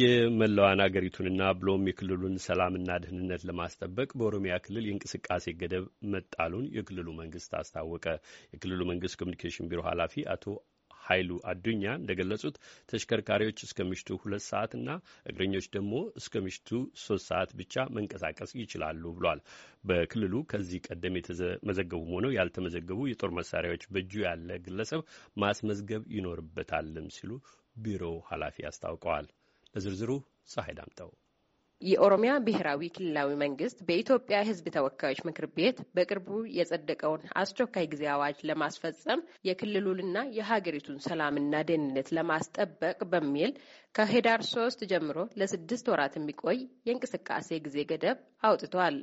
የመላዋን አገሪቱንና ብሎም የክልሉን ሰላምና ደህንነት ለማስጠበቅ በኦሮሚያ ክልል የእንቅስቃሴ ገደብ መጣሉን የክልሉ መንግስት አስታወቀ። የክልሉ መንግስት ኮሚኒኬሽን ቢሮ ኃላፊ አቶ ኃይሉ አዱኛ እንደገለጹት ተሽከርካሪዎች እስከ ምሽቱ ሁለት ሰዓት እግረኞች ደግሞ እስከ ምሽቱ ሶስት ሰዓት ብቻ መንቀሳቀስ ይችላሉ ብሏል። በክልሉ ከዚህ ቀደም የተመዘገቡም ሆነው ያልተመዘገቡ የጦር መሳሪያዎች በእጁ ያለ ግለሰብ ማስመዝገብ ይኖርበታልም ሲሉ ቢሮው ኃላፊ አስታውቀዋል። ለዝርዝሩ ፀሐይ ዳምጠው የኦሮሚያ ብሔራዊ ክልላዊ መንግስት በኢትዮጵያ ሕዝብ ተወካዮች ምክር ቤት በቅርቡ የጸደቀውን አስቸኳይ ጊዜ አዋጅ ለማስፈጸም የክልሉንና የሀገሪቱን ሰላምና ደህንነት ለማስጠበቅ በሚል ከህዳር ሶስት ጀምሮ ለስድስት ወራት የሚቆይ የእንቅስቃሴ ጊዜ ገደብ አውጥቷል።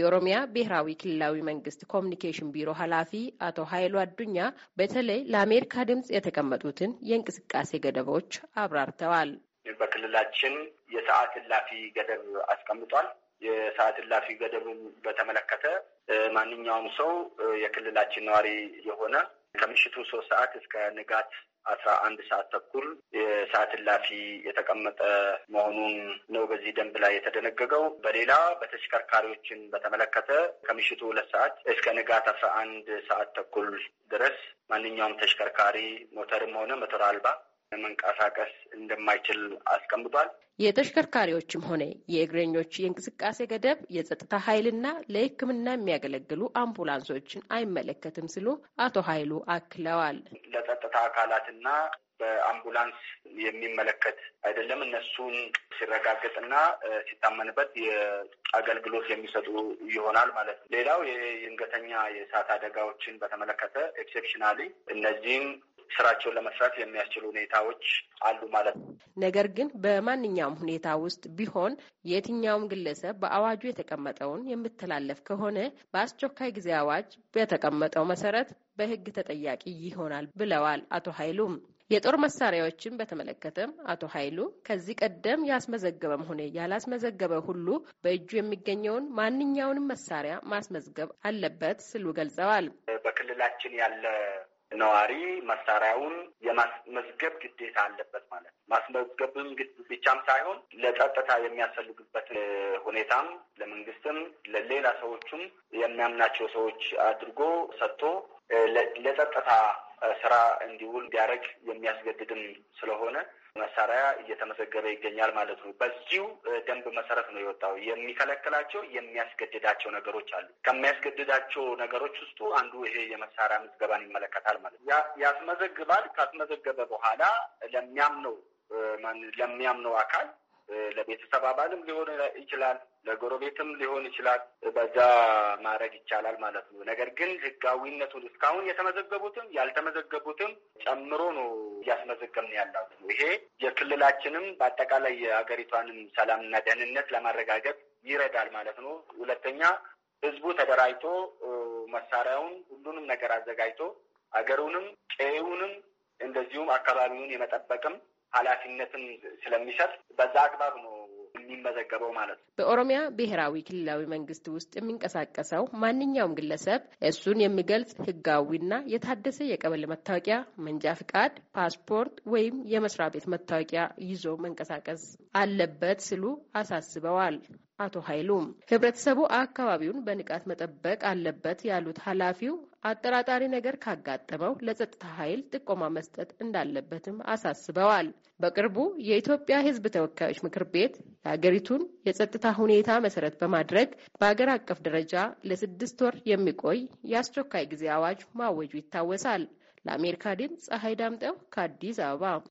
የኦሮሚያ ብሔራዊ ክልላዊ መንግስት ኮሚኒኬሽን ቢሮ ኃላፊ አቶ ኃይሉ አዱኛ በተለይ ለአሜሪካ ድምፅ የተቀመጡትን የእንቅስቃሴ ገደቦች አብራርተዋል። በክልላችን የሰዓት እላፊ ገደብ አስቀምጧል። የሰዓት እላፊ ገደብን በተመለከተ ማንኛውም ሰው የክልላችን ነዋሪ የሆነ ከምሽቱ ሶስት ሰዓት እስከ ንጋት አስራ አንድ ሰዓት ተኩል የሰዓት እላፊ የተቀመጠ መሆኑን ነው በዚህ ደንብ ላይ የተደነገገው። በሌላ በተሽከርካሪዎችን በተመለከተ ከምሽቱ ሁለት ሰዓት እስከ ንጋት አስራ አንድ ሰዓት ተኩል ድረስ ማንኛውም ተሽከርካሪ ሞተርም ሆነ ሞተር አልባ መንቀሳቀስ እንደማይችል አስቀምጧል። የተሽከርካሪዎችም ሆነ የእግረኞች የእንቅስቃሴ ገደብ የጸጥታ ኃይልና ለሕክምና የሚያገለግሉ አምቡላንሶችን አይመለከትም ሲሉ አቶ ኃይሉ አክለዋል። ለጸጥታ አካላትና በአምቡላንስ የሚመለከት አይደለም። እነሱን ሲረጋግጥና ሲታመንበት አገልግሎት የሚሰጡ ይሆናል ማለት ነው። ሌላው የድንገተኛ የእሳት አደጋዎችን በተመለከተ ኤክሴፕሽናሊ እነዚህም ስራቸውን ለመስራት የሚያስችሉ ሁኔታዎች አሉ ማለት ነው። ነገር ግን በማንኛውም ሁኔታ ውስጥ ቢሆን የትኛውም ግለሰብ በአዋጁ የተቀመጠውን የምተላለፍ ከሆነ በአስቸኳይ ጊዜ አዋጅ በተቀመጠው መሰረት በህግ ተጠያቂ ይሆናል ብለዋል አቶ ኃይሉም። የጦር መሳሪያዎችን በተመለከተም አቶ ኃይሉ ከዚህ ቀደም ያስመዘገበም ሆነ ያላስመዘገበ ሁሉ በእጁ የሚገኘውን ማንኛውንም መሳሪያ ማስመዝገብ አለበት ሲሉ ገልጸዋል። በክልላችን ያለ ነዋሪ መሳሪያውን የማስመዝገብ ግዴታ አለበት ማለት ነው። ማስመዝገብም ብቻም ሳይሆን ለጸጥታ የሚያስፈልግበት ሁኔታም ለመንግስትም ለሌላ ሰዎቹም የሚያምናቸው ሰዎች አድርጎ ሰጥቶ ለጸጥታ ስራ እንዲውል እንዲያደርግ የሚያስገድድም ስለሆነ መሳሪያ እየተመዘገበ ይገኛል ማለት ነው። በዚሁ ደንብ መሰረት ነው የወጣው። የሚከለክላቸው የሚያስገድዳቸው ነገሮች አሉ። ከሚያስገድዳቸው ነገሮች ውስጡ አንዱ ይሄ የመሳሪያ ምዝገባን ይመለከታል ማለት ነው። ያስመዘግባል። ካስመዘገበ በኋላ ለሚያምነው ለሚያምነው አካል ለቤተሰብ አባልም ሊሆን ይችላል፣ ለጎረቤትም ሊሆን ይችላል። በዛ ማድረግ ይቻላል ማለት ነው። ነገር ግን ህጋዊነቱን እስካሁን የተመዘገቡትም ያልተመዘገቡትም ጨምሮ ነው እያስመዘገብን ነው። ይሄ የክልላችንም በአጠቃላይ የሀገሪቷንም ሰላምና ደህንነት ለማረጋገጥ ይረዳል ማለት ነው። ሁለተኛ ህዝቡ ተደራጅቶ መሳሪያውን ሁሉንም ነገር አዘጋጅቶ አገሩንም ቀዬውንም እንደዚሁም አካባቢውን የመጠበቅም ኃላፊነትን ስለሚሰጥ በዛ አግባብ ነው የሚመዘገበው ማለት ነው። በኦሮሚያ ብሔራዊ ክልላዊ መንግስት ውስጥ የሚንቀሳቀሰው ማንኛውም ግለሰብ እሱን የሚገልጽ ህጋዊና የታደሰ የቀበሌ መታወቂያ፣ መንጃ ፍቃድ፣ ፓስፖርት ወይም የመስሪያ ቤት መታወቂያ ይዞ መንቀሳቀስ አለበት ሲሉ አሳስበዋል። አቶ ኃይሉ ህብረተሰቡ አካባቢውን በንቃት መጠበቅ አለበት ያሉት ኃላፊው አጠራጣሪ ነገር ካጋጠመው ለጸጥታ ኃይል ጥቆማ መስጠት እንዳለበትም አሳስበዋል። በቅርቡ የኢትዮጵያ ሕዝብ ተወካዮች ምክር ቤት የሀገሪቱን የጸጥታ ሁኔታ መሰረት በማድረግ በሀገር አቀፍ ደረጃ ለስድስት ወር የሚቆይ የአስቸኳይ ጊዜ አዋጅ ማወጁ ይታወሳል። ለአሜሪካ ድምፅ ፀሐይ ዳምጠው ከአዲስ አበባ